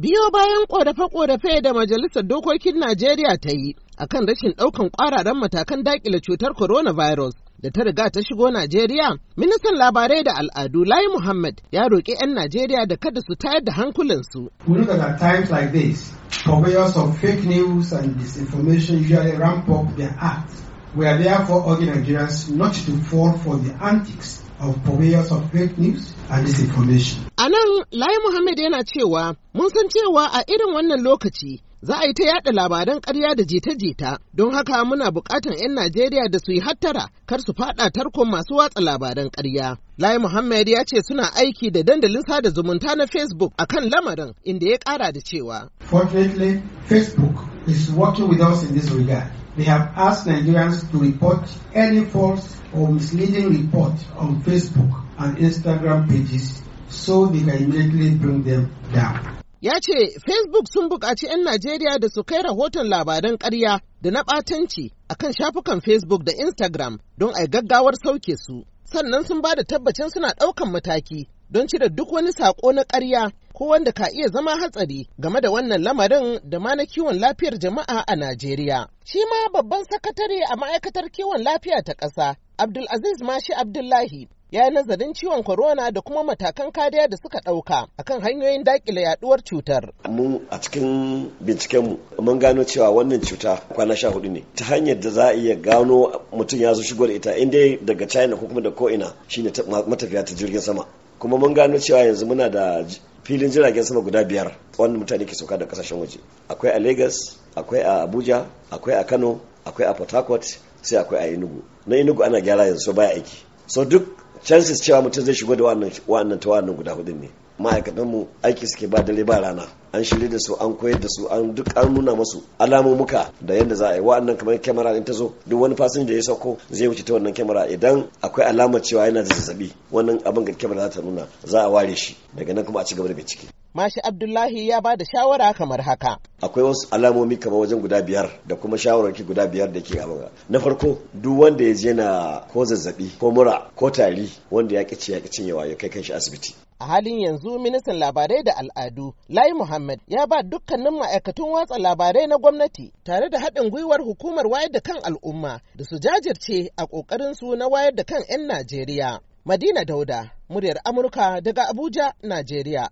biyo bayan ƙorafe-ƙorafe da majalisar dokokin najeriya ta yi akan rashin ɗaukan ƙwararan matakan daƙile cutar coronavirus da ta riga ta shigo najeriya ministan labarai da al'adu lai muhammad ya roƙi 'yan najeriya da kada su tayar da hankulansu We are therefore urging Nigerians not to fall for the antics of purveyors of fake news and disinformation. A nan, Lai Muhammad yana cewa, mun san cewa a irin wannan lokaci za a yi ta yada labaran ƙarya da jita-jita don haka muna buƙatan 'yan Najeriya da su yi hattara kar su faɗa tarkon masu watsa labaran ƙarya. Lai Muhammad ya ce suna aiki da dandalin sada zumunta na Facebook a kan lamarin inda ya ƙara da cewa. Fortunately, Facebook is working with us in this regard. They have asked Nigerians to report any false or misleading report on Facebook and Instagram pages so they can immediately bring them down. ya ce Facebook sun buƙaci 'yan Najeriya da su kai rahoton labaran ƙarya da na ɓatanci a kan shafukan Facebook da Instagram don a gaggawar sauke su. Sannan sun ba da tabbacin suna ɗaukan mataki don cire duk wani saƙo na ƙarya ko wanda ka iya zama hatsari game da wannan lamarin da ma na kiwon lafiyar jama'a a Najeriya. Shi ma babban sakatare a ma'aikatar kiwon lafiya ta ƙasa Abdulaziz Mashi Abdullahi ya yi nazarin ciwon corona da kuma matakan kariya da suka ɗauka akan hanyoyin dakile yaduwar cutar. Mu a cikin binciken mu mun gano cewa wannan cuta kwana sha hudu ne ta hanyar da za a iya gano mutum ya zo shigo da ita inda daga China ko kuma da ko'ina shine matafiya ta jirgin sama. kuma mun gano cewa yanzu muna da filin jiragen sama guda biyar wanda mutane ke sauka da kasashen waje akwai a lagos akwai a abuja akwai a kano akwai a port harcourt sai akwai a enugu na enugu ana gyara yanzu so baya aiki so duk chances cewa mutum zai shigo da wannan ta wannan guda hudun ne ma'aikatanmu aiki suke ba dare ba rana an shirya da su an koyar da su an duk an nuna masu alamomuka da yadda za a yi wa'annan kamar kyamara in ta zo duk wani fasinja ya sauko zai wuce ta wannan kyamara idan akwai alamar cewa yana da zazzabi wannan abin ga kyamara za ta nuna za a ware shi daga nan kuma a ci gaba da bincike Mashi Abdullahi ya ba da shawara kamar haka. Akwai wasu alamomi kamar wajen guda biyar da kuma shawararki guda biyar da ke abuwa. Na farko duk wanda ya je na ko zazzabi ko mura ko tari wanda ya kici ya kicin yawa ya kai kanshi asibiti. A halin yanzu ministan labarai da al'adu Lai Muhammad ya ba dukkanin ma'aikatan watsa labarai na gwamnati tare da haɗin gwiwar hukumar wayar da kan al'umma da su jajirce a ƙoƙarin su na wayar da kan 'yan Najeriya. Madina Dauda, muryar Amurka daga Abuja, Najeriya.